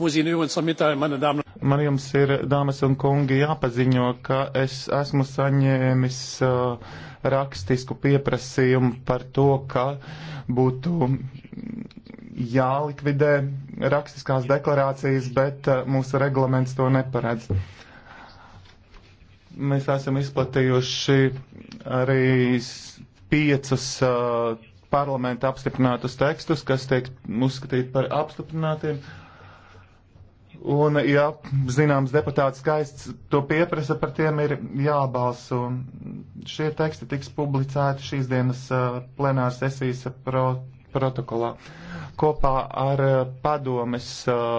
Man jums ir, dāmas un kungi, jāpaziņo, ka es esmu saņēmis uh, rakstisku pieprasījumu par to, ka būtu jālikvidē rakstiskās deklarācijas, bet uh, mūsu reglaments to neparedz. Mēs esam izplatījuši arī piecus uh, parlamenta apstiprinātus tekstus, kas tiek uzskatīti par apstiprinātiem. Uh, Un, ja zināms deputāts skaists to pieprasa, par tiem ir jābalso. Šie teksti tiks publicēti šīs dienas uh, plenāras sesijas pro protokolā kopā ar uh, padomes. Uh,